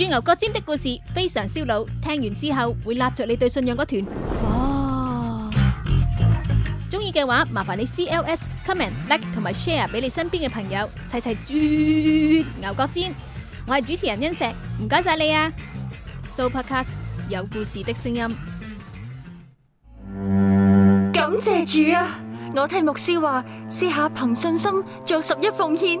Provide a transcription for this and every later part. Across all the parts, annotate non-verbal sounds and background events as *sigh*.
鑽牛角尖的故事非常燒腦，聽完之後會拉著你對信仰嗰團火。中意嘅話，麻煩你 C L S comment, like 同埋 share 俾你身邊嘅朋友，齊齊鑽牛角尖。我係主持人欣石，唔該晒你啊！Super Cast 有故事的聲音，感謝主啊！我聽牧師話，試下憑信心做十一奉獻。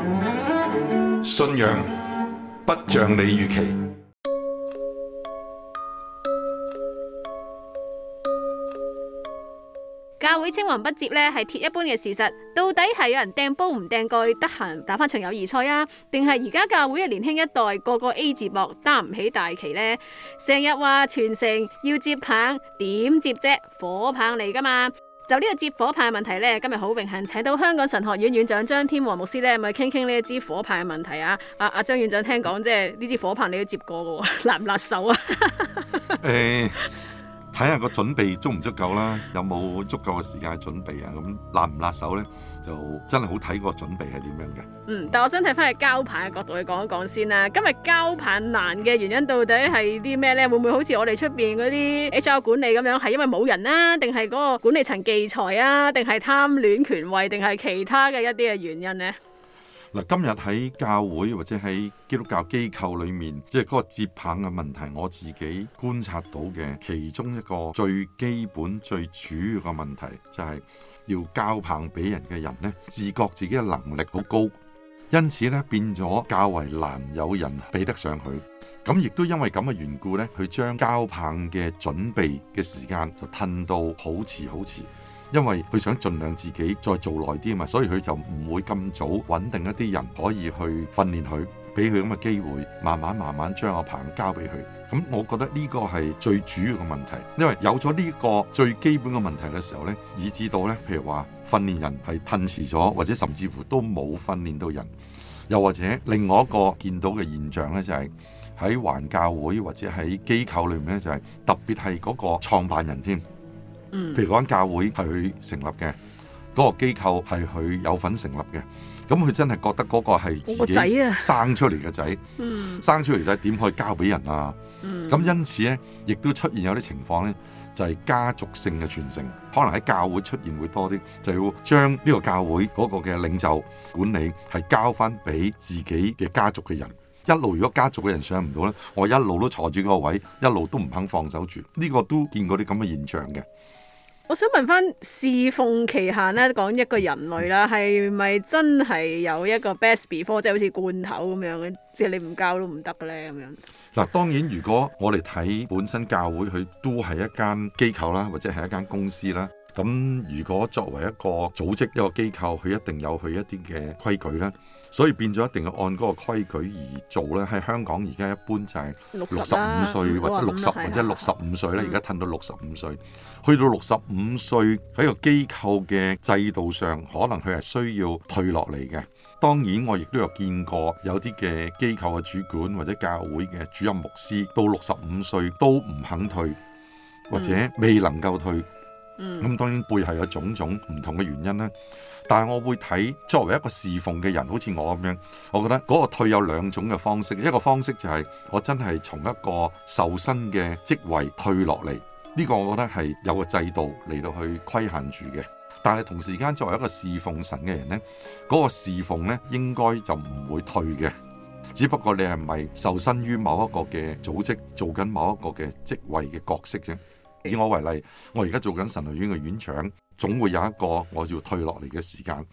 信仰不像你預期，教會青黃不接呢係鐵一般嘅事實。到底係有人掟煲唔掟蓋，得閒打返場友誼賽啊？定係而家教會嘅年輕一代個個 A 字膊擔唔起大旗呢？成日話全城要接棒，點接啫？火棒嚟㗎嘛？就呢個接火牌嘅問題呢，今日好榮幸請到香港神學院院長張天和牧師咧，係咪傾傾呢一支火牌嘅問題啊！阿阿張院長聽講，即係呢支火牌你都接過嘅，辣唔辣手啊？ *laughs* uh 睇下個準備足唔足夠啦，有冇足夠嘅時間去準備啊？咁辣唔辣手呢？就真係好睇個準備係點樣嘅。嗯，但我想睇翻去交棒嘅角度去講一講先啦。今日交棒難嘅原因到底係啲咩呢？會唔會好似我哋出邊嗰啲 HR 管理咁樣，係因為冇人啊，定係嗰個管理層忌才啊，定係貪戀權位，定係其他嘅一啲嘅原因呢？嗱，今日喺教會或者喺基督教機構裏面，即係嗰個接棒嘅問題，我自己觀察到嘅其中一個最基本、最主要嘅問題，就係要交棒俾人嘅人呢，自覺自己嘅能力好高，因此咧變咗較為難有人比得上佢。咁亦都因為咁嘅緣故呢，佢將交棒嘅準備嘅時間就褪到好遲好遲。因為佢想儘量自己再做耐啲嘛，所以佢就唔會咁早穩定一啲人可以去訓練佢，俾佢咁嘅機會，慢慢慢慢將個棒交俾佢。咁我覺得呢個係最主要嘅問題，因為有咗呢個最基本嘅問題嘅時候呢，以至到呢，譬如話訓練人係吞蝕咗，或者甚至乎都冇訓練到人，又或者另外一個見到嘅現象呢，就係喺環教會或者喺機構裏面呢，就係特別係嗰個創辦人添。譬如間教會係佢成立嘅嗰個機構，係佢有份成立嘅。咁佢真係覺得嗰個係自己生出嚟嘅仔，的啊嗯、生出嚟仔點可以交俾人啊？咁因此呢，亦都出現有啲情況呢就係家族性嘅傳承，可能喺教會出現會多啲，就要將呢個教會嗰個嘅領袖管理係交翻俾自己嘅家族嘅人。一路如果家族嘅人上唔到呢，我一路都坐住個位，一路都唔肯放手住。呢個都見過啲咁嘅現象嘅。我想問翻侍奉期限咧，講一個人類啦，係咪真係有一個 best before 即係好似罐頭咁樣，即係你唔教都唔得嘅咧咁樣？嗱，當然如果我哋睇本身教會佢都係一間機構啦，或者係一間公司啦，咁如果作為一個組織一個機構，佢一定有佢一啲嘅規矩啦。所以變咗一定要按嗰個規矩而做咧，喺香港而家一般就係六十五歲或者六十或者六十五歲咧，而家褪到六十五歲，去到六十五歲喺個機構嘅制度上，可能佢係需要退落嚟嘅。當然，我亦都有見過有啲嘅機構嘅主管或者教會嘅主任牧師到六十五歲都唔肯退，或者未能夠退。嗯，咁當然背後有種種唔同嘅原因咧。但係我會睇作為一個侍奉嘅人，好似我咁樣，我覺得嗰個退有兩種嘅方式，一個方式就係我真係從一個受薪嘅職位退落嚟，呢個我覺得係有個制度嚟到去規限住嘅。但係同時間作為一個侍奉神嘅人呢，嗰個侍奉呢應該就唔會退嘅，只不過你係咪受身於某一個嘅組織做緊某一個嘅職位嘅角色啫。以我為例，我而家做緊神學院嘅院長。總會有一個我要退落嚟嘅時間，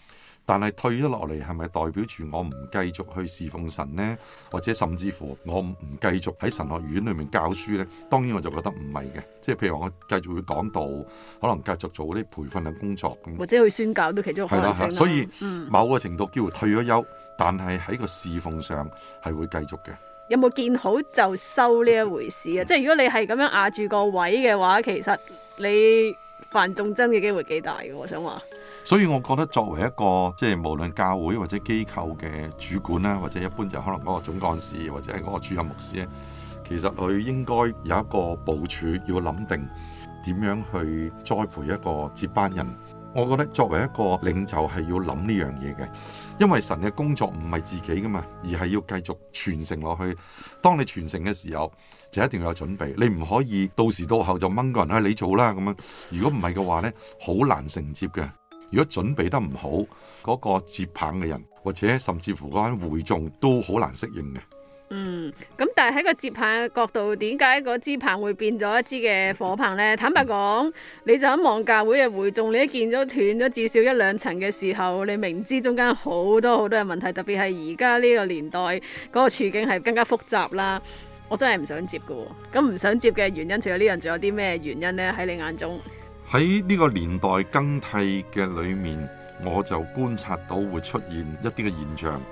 但係退咗落嚟係咪代表住我唔繼續去侍奉神呢？或者甚至乎我唔繼續喺神學院裏面教書呢？當然我就覺得唔係嘅，即係譬如話我繼續會講道，可能繼續做啲培訓嘅工作，或者去宣教都其中係啦、啊啊。所以某個程度叫做退咗休，但係喺個侍奉上係會繼續嘅。有冇見好就收呢一回事啊？嗯嗯、即係如果你係咁樣壓住個位嘅話，其實你。范仲真嘅機會幾大嘅，我想話。所以我覺得作為一個即係無論教會或者機構嘅主管啦，或者一般就可能嗰個總幹事或者係嗰個主任牧師咧，其實佢應該有一個部署，要諗定點樣去栽培一個接班人。我覺得作為一個領袖係要諗呢樣嘢嘅，因為神嘅工作唔係自己㗎嘛，而係要繼續傳承落去。當你傳承嘅時候，就一定要有準備。你唔可以到時到後就掹個人吖，你做啦咁樣。如果唔係嘅話呢，好難承接嘅。如果準備得唔好，嗰個接棒嘅人，或者甚至乎嗰間會眾都好難適應嘅。咁但係喺個接棒嘅角度，點解嗰支棒會變咗一支嘅火棒呢？坦白講，你就喺網教會嘅會眾，你一見到斷咗至少一兩層嘅時候，你明知中間好多好多嘅問題，特別係而家呢個年代嗰個處境係更加複雜啦。我真係唔想接㗎。咁唔想接嘅原因，除咗呢樣，仲有啲咩原因呢？喺你眼中，喺呢個年代更替嘅裏面，我就觀察到會出現一啲嘅現象。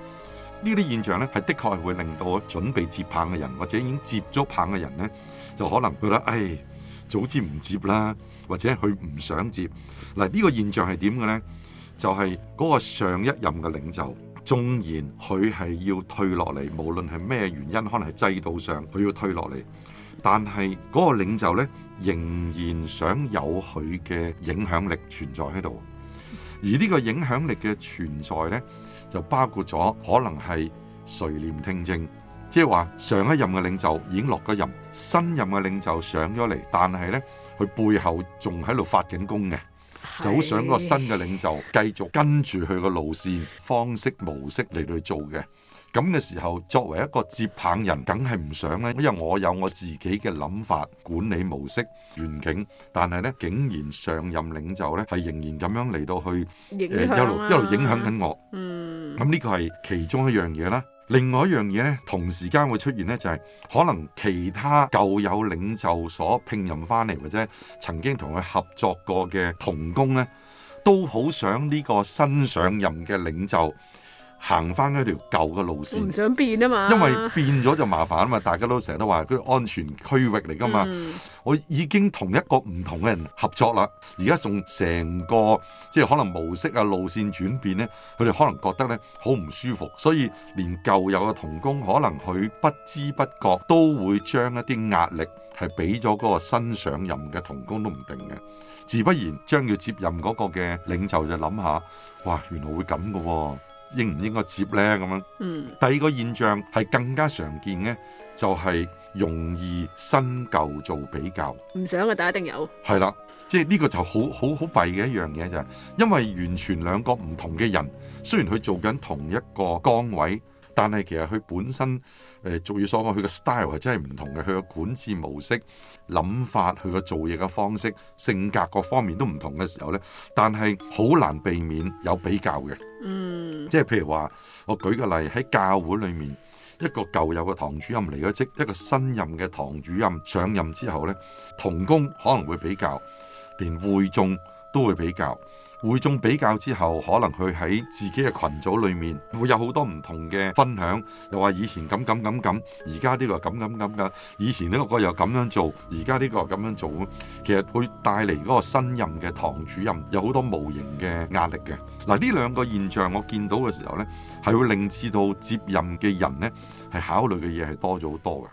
呢啲現象呢，係的確係會令到準備接棒嘅人，或者已經接咗棒嘅人呢，就可能覺得，唉、哎，早知唔接啦，或者佢唔想接。嗱，呢個現象係點嘅呢？就係、是、嗰個上一任嘅領袖，縱然佢係要退落嚟，無論係咩原因，可能係制度上佢要退落嚟，但係嗰個領袖呢，仍然想有佢嘅影響力存在喺度。而呢個影響力嘅存在呢，就包括咗可能係垂簾聽政，即係話上一任嘅領袖已經落咗任，新任嘅領袖上咗嚟，但係咧佢背後仲喺度發緊功嘅，是就好想個新嘅領袖繼續跟住佢個路線方式、模式嚟到去做嘅。咁嘅時候，作為一個接棒人，梗係唔想啦，因為我有我自己嘅諗法、管理模式、願景，但係咧竟然上任領袖咧係仍然咁樣嚟到去一路一路影響緊、啊呃、我。嗯咁呢個係其中一樣嘢啦，另外一樣嘢咧，同時間會出現咧，就係可能其他舊有領袖所聘任翻嚟或者曾經同佢合作過嘅同工咧，都好想呢個新上任嘅領袖行翻嗰條舊嘅路線，唔想變啊嘛。因為變咗就麻煩啊嘛。大家都成日都話佢安全區域嚟㗎嘛。嗯、我已經同一個唔同嘅人合作啦，而家仲成個即係可能模式啊、路線轉變咧，佢哋可能覺得咧好唔舒服，所以連舊有嘅童工可能佢不知不覺都會將一啲壓力係俾咗嗰個新上任嘅童工都唔定嘅，自不然將要接任嗰個嘅領袖就諗下，哇，原來會咁㗎喎。應唔應該接呢？咁樣？嗯，第二個現象係更加常見嘅，就係、係、容易新舊做比較。唔想嘅、啊、大家一定有。係啦，即係呢個就好好好弊嘅一樣嘢就係，因為完全兩個唔同嘅人，雖然佢做緊同一個崗位。但係其實佢本身誒、呃，俗語所講，佢個 style 係真係唔同嘅，佢個管治模式、諗法、佢個做嘢嘅方式、性格各方面都唔同嘅時候呢，但係好難避免有比較嘅，嗯，即係譬如話，我舉個例喺教會裏面，一個舊有嘅堂主任離咗職，一個新任嘅堂主任上任之後呢，同工可能會比較，連會眾。都會比較會眾比較之後，可能佢喺自己嘅群組裏面會有好多唔同嘅分享，又話以前咁咁咁咁，而家呢個咁咁咁噶，以前呢個又咁樣做，而家呢個又咁樣做，其實會帶嚟嗰個新任嘅堂主任有好多無形嘅壓力嘅。嗱，呢兩個現象，我見到嘅時候呢，係會令至到接任嘅人呢，係考慮嘅嘢係多咗好多嘅。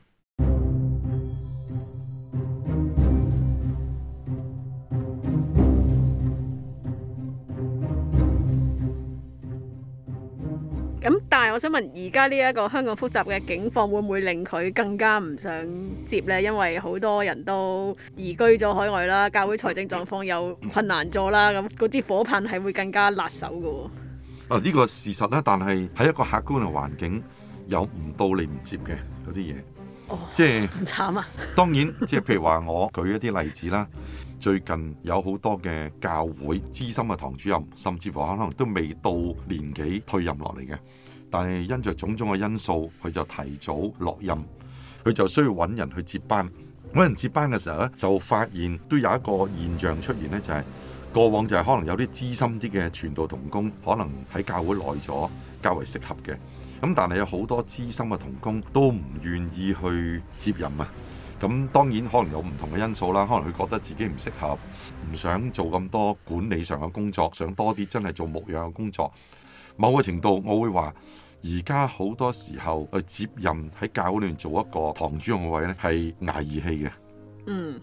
咁但係我想問，而家呢一個香港複雜嘅境況，會唔會令佢更加唔想接呢？因為好多人都移居咗海外啦，教會財政狀況又困難咗啦，咁嗰支火棒係會更加辣手噶。啊，呢、這個事實啦，但係喺一個客觀嘅環境，有唔到你唔接嘅嗰啲嘢。Oh, 即係是唔慘啊！當然，即係譬如話我舉一啲例子啦。 *laughs* 最近有好多嘅教會資深嘅堂主任，甚至乎可能都未到年紀退任落嚟嘅，但係因着種種嘅因素，佢就提早落任，佢就需要揾人去接班。揾人接班嘅時候咧，就發現都有一個現象出現呢就係、是、過往就係可能有啲資深啲嘅傳道同工，可能喺教會耐咗較為適合嘅。咁但係有好多資深嘅同工都唔願意去接任啊！咁當然可能有唔同嘅因素啦，可能佢覺得自己唔適合，唔想做咁多管理上嘅工作，想多啲真係做牧養嘅工作。某個程度，我會話而家好多時候去接任喺教會裏面做一個堂主任嘅位咧，係捱義氣嘅。嗯，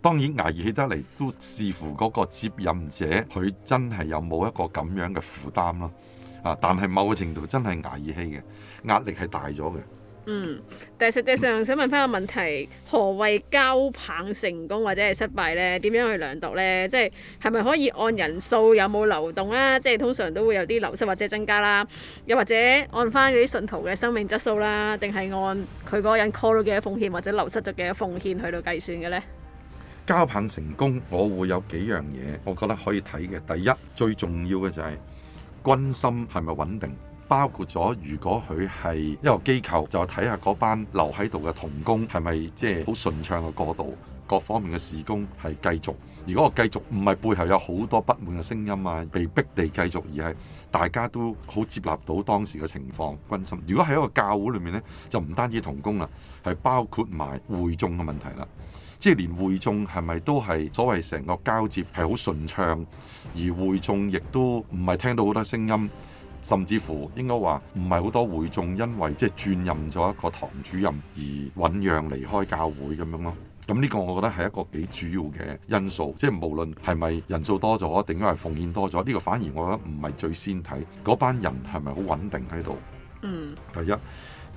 當然捱義氣得嚟都視乎嗰個接任者佢真係有冇一個咁樣嘅負擔咯、啊。啊！但係某個程度真係捱義氣嘅，壓力係大咗嘅。嗯，但係實際上想問翻個問題：嗯、何謂交棒成功或者係失敗呢？點樣去量度呢？即係係咪可以按人數有冇流動啊？即係通常都會有啲流失或者增加啦。又或者按翻嗰啲信徒嘅生命質素啦，定係按佢嗰個人 call 到幾多奉獻或者流失咗幾多奉獻去到計算嘅呢？交棒成功，我會有幾樣嘢，我覺得可以睇嘅。第一，最重要嘅就係。軍心係咪穩定？包括咗，如果佢係一個機構，就睇下嗰班留喺度嘅同工係咪即係好順暢嘅過渡，各方面嘅事工係繼續。如果我繼續唔係背後有好多不滿嘅聲音啊，被逼地繼續，而係大家都好接納到當時嘅情況，軍心。如果喺一個教會裏面呢，就唔單止同工啦，係包括埋會眾嘅問題啦。即係連會眾係咪都係所謂成個交接係好順暢，而會眾亦都唔係聽到好多聲音，甚至乎應該話唔係好多會眾因為即係轉任咗一個堂主任而醞釀離開教會咁樣咯。咁呢個我覺得係一個幾主要嘅因素。即係無論係咪人數多咗，定係奉獻多咗，呢個反而我覺得唔係最先，睇嗰班人係咪好穩定喺度。第一。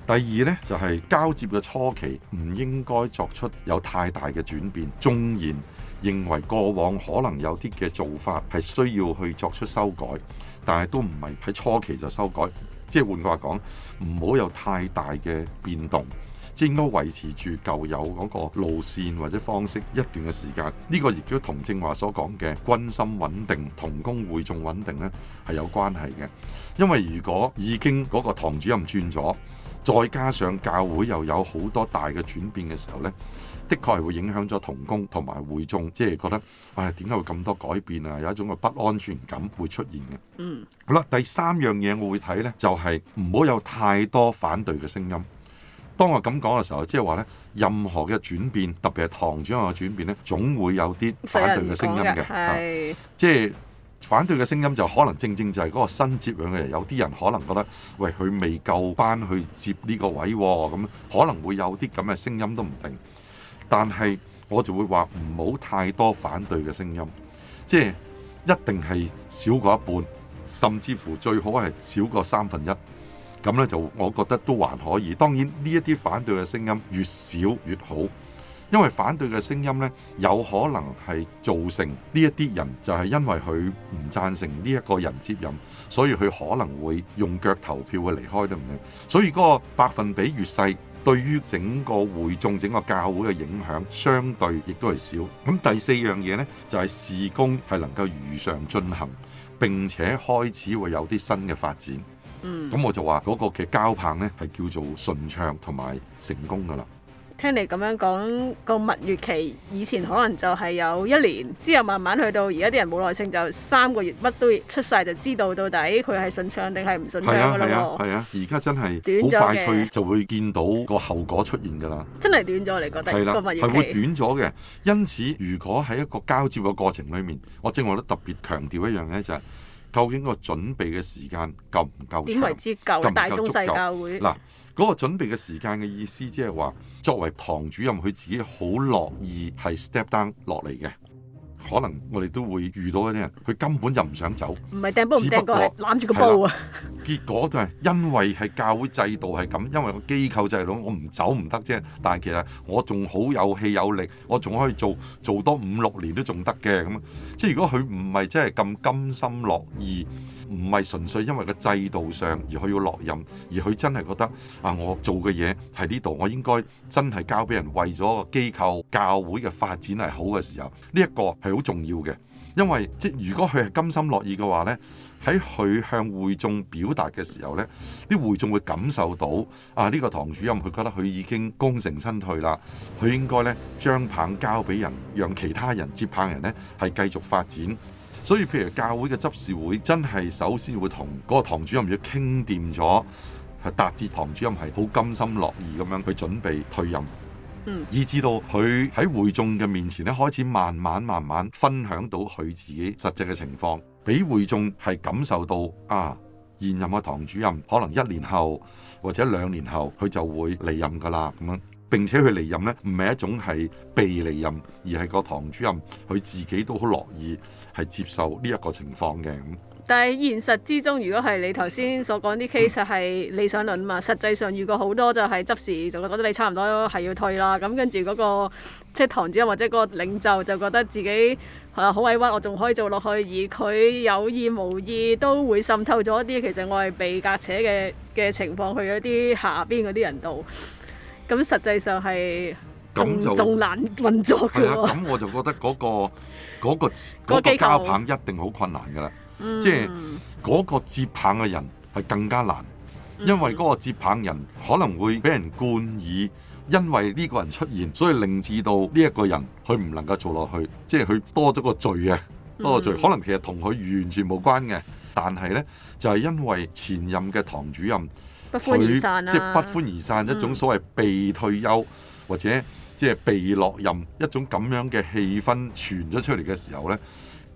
第二呢，就係交接嘅初期唔應該作出有太大嘅轉變，縱然認為過往可能有啲嘅做法係需要去作出修改，但係都唔係喺初期就修改。即係換句話講，唔好有太大嘅變動，即係應該維持住舊有嗰個路線或者方式一段嘅時間。呢個亦都同正話所講嘅軍心穩定同工會仲穩定呢係有關係嘅，因為如果已經嗰個堂主任轉咗。再加上教會又有好多大嘅轉變嘅時候呢，的確係會影響咗同工同埋會眾，即係覺得，唉，點解會咁多改變啊？有一種嘅不安全感會出現嘅。嗯，好啦，第三樣嘢我會睇呢就係唔好有太多反對嘅聲音。當我咁講嘅時候，即係話，呢任何嘅轉變，特別係堂主任嘅轉變，呢總會有啲反對嘅聲音嘅。係，即係。反對嘅聲音就可能正正就係嗰個新接位嘅人，有啲人可能覺得，喂，佢未夠班去接呢個位，咁、哦、可能會有啲咁嘅聲音都唔定。但係我就會話唔好太多反對嘅聲音，即係一定係少過一半，甚至乎最好係少過三分一。咁呢，就我覺得都還可以。當然呢一啲反對嘅聲音越少越好。因為反對嘅聲音呢，有可能係造成呢一啲人就係、是、因為佢唔贊成呢一個人接任，所以佢可能會用腳投票去離開都唔定。所以嗰個百分比越細，對於整個會眾、整個教會嘅影響，相對亦都係少。咁第四樣嘢呢，就係、是、事工係能夠如常進行，並且開始會有啲新嘅發展。嗯，咁我就話嗰、那個嘅交棒呢係叫做順暢同埋成功噶啦。聽你咁樣講，個蜜月期以前可能就係有一年，之後慢慢去到而家啲人冇耐性，就三個月乜都出晒，就知道到底佢係順暢定係唔順暢咯。係啊，係啊，而家、啊、真係短快脆就會見到個後果出現㗎啦。真係短咗，你覺得個蜜月期係會短咗嘅。因此，如果喺一個交接嘅過程裡面，我正話都特別強調一樣咧、就是，就係。究竟個準備嘅時間夠唔夠長？點為之夠？夠唔夠足夠大中世界會嗱，嗰個準備嘅時間嘅意思，即係話作為堂主任，佢自己好樂意係 step down 落嚟嘅。可能我哋都會遇到一啲人，佢根本就唔想走。唔係掟波唔掟過，攬住個波啊！結果就係因為係教會制度係咁，因為個機構制度，我唔走唔得啫。但係其實我仲好有氣有力，我仲可以做做多五六年都仲得嘅。咁即係如果佢唔係真係咁甘心樂意。唔係純粹因為個制度上而佢要落任，而佢真係覺得啊，我做嘅嘢喺呢度，我應該真係交俾人為咗個機構、教會嘅發展係好嘅時候，呢一個係好重要嘅。因為即如果佢係甘心樂意嘅話呢，喺佢向會眾表達嘅時候呢，啲會眾會感受到啊，呢個堂主任佢覺得佢已經功成身退啦，佢應該咧將棒交俾人，讓其他人接棒人呢係繼續發展。所以，譬如教會嘅執事會真係首先會同嗰個堂主任要傾掂咗，係達至堂主任係好甘心樂意咁樣去準備退任，以至到佢喺會眾嘅面前咧開始慢慢慢慢分享到佢自己實際嘅情況，俾會眾係感受到啊，現任嘅堂主任可能一年後或者兩年後佢就會離任噶啦咁樣。並且佢離任呢，唔係一種係被離任，而係個堂主任佢自己都好樂意係接受呢一個情況嘅。但係現實之中，如果係你頭先所講啲 case 係理想論啊嘛，實際上遇過好多就係執事就覺得你差唔多係要退啦。咁跟住嗰個即係堂主任或者嗰個領袖就覺得自己誒好委屈，我仲可以做落去，而佢有意無意都會滲透咗一啲，其實我係被夾扯嘅嘅情況去一啲下邊嗰啲人度。咁實際上係，仲仲就難運作嘅咁、啊啊、我就覺得嗰、嗰個嗰、 *laughs* 嗰個交棒、嗰個、一定好困難嘅啦。即係嗰個接棒嘅人係更加難，嗯、因為嗰個接棒人可能會俾人灌耳，因為呢個人出現，所以令至到呢一個人佢唔能夠做落去。即係佢多咗個罪嘅，多個罪。罪嗯、可能其實同佢完全冇關嘅，但係呢，就係、係、因為前任嘅唐主任。佢、啊、即係不歡而散一種所謂被退休、嗯、或者即係被落任一種咁樣嘅氣氛傳咗出嚟嘅時候呢，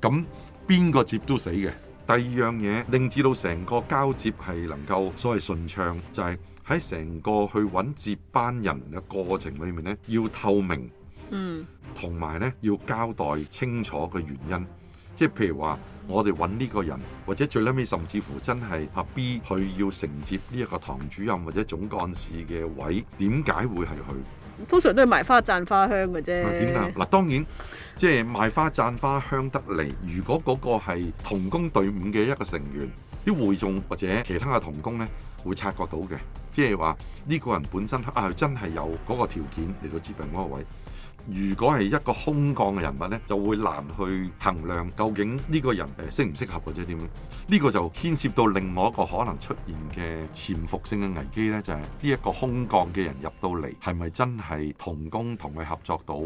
咁邊個接都死嘅。第二樣嘢令至到成個交接係能夠所謂順暢，就係喺成個去揾接班人嘅過程裡面呢，要透明，嗯，同埋呢要交代清楚嘅原因，即係譬如話。我哋揾呢個人，或者最 last 尾甚至乎真係阿 B 去要承接呢一個堂主任或者總幹事嘅位，點解會係佢？通常都係賣花讚花香嘅啫。點解？嗱，當然，即係賣花讚花香得嚟。如果嗰個係同工隊伍嘅一個成員，啲會眾或者其他嘅同工呢，會察覺到嘅，即係話呢個人本身啊真係有嗰個條件嚟到接辦嗰個位。如果係一個空降嘅人物咧，就會難去衡量究竟呢個人誒適唔適合或者點樣？呢個就牽涉到另外一個可能出現嘅潛伏性嘅危機呢，就係呢一個空降嘅人入到嚟，係咪真係同工同佢合作到，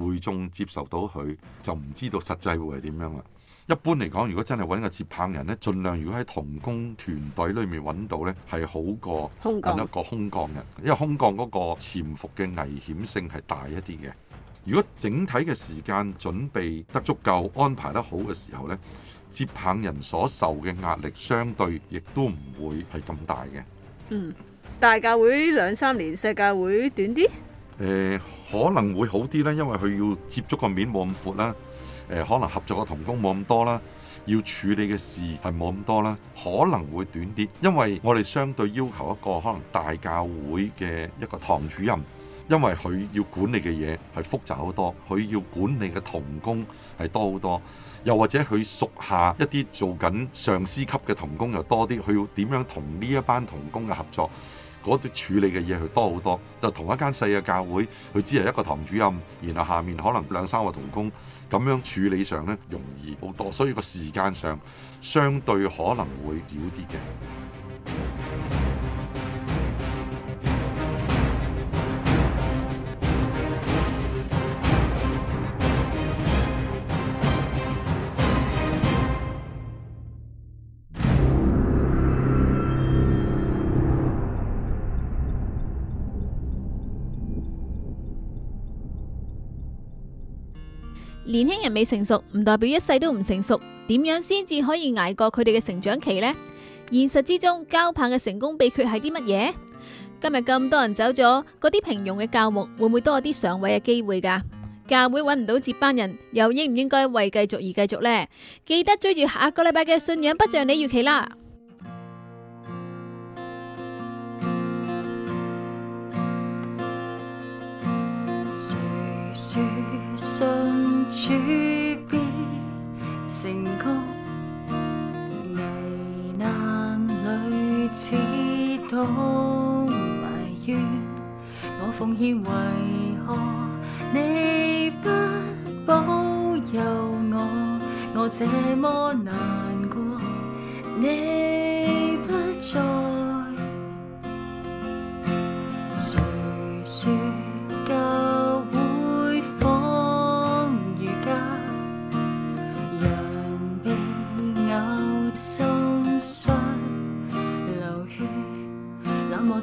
會眾接受到佢，就唔知道實際會係點樣啦。一般嚟講，如果真係揾個接棒人呢，儘量如果喺同工團隊裏面揾到呢，係好過揾一個空降人，因為空降嗰個潛伏嘅危險性係大一啲嘅。如果整體嘅時間準備得足夠，安排得好嘅時候呢，接棒人所受嘅壓力相對亦都唔會係咁大嘅。嗯，大教會兩三年，細教會短啲。誒、呃，可能會好啲咧，因為佢要接觸個面冇咁闊啦。誒，可能合作嘅同工冇咁多啦，要處理嘅事係冇咁多啦，可能會短啲，因為我哋相對要求一個可能大教會嘅一個堂主任，因為佢要管理嘅嘢係複雜好多，佢要管理嘅同工係多好多，又或者佢屬下一啲做緊上司級嘅同工又多啲，佢要點樣同呢一班同工嘅合作？嗰啲處理嘅嘢佢多好多，就同一間細嘅教會，佢只係一個堂主任，然後下面可能兩三個同工。噉樣處理上呢，容易好多，所以個時間上相對可能會少啲嘅。年輕人未成熟唔代表一世都唔成熟，點樣先至可以捱過佢哋嘅成長期呢？現實之中交棒嘅成功秘訣係啲乜嘢？今日咁多人走咗，嗰啲平庸嘅教牧會唔會多啲上位嘅機會噶？教會揾唔到接班人，又應唔應該為繼續而繼續呢？記得追住下個禮拜嘅信仰，不像你預期啦。埋怨我奉獻為何你不保佑我？我這麼難過，你不在。 *music*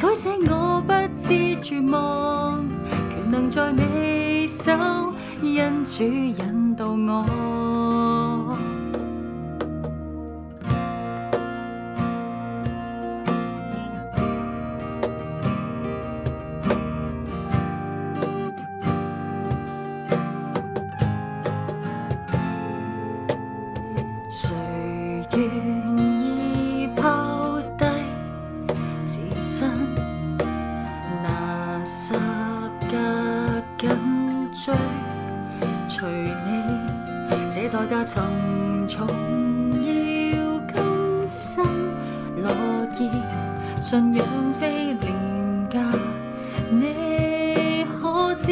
改寫我不知絕望，權能在你手，因主引導我。信仰非廉價，你可知？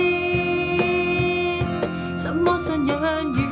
怎麼信仰？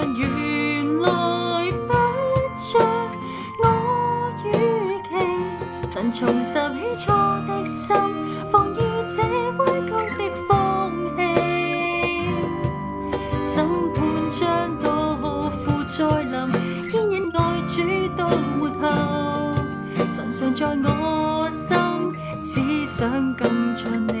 在我心，只想更親你。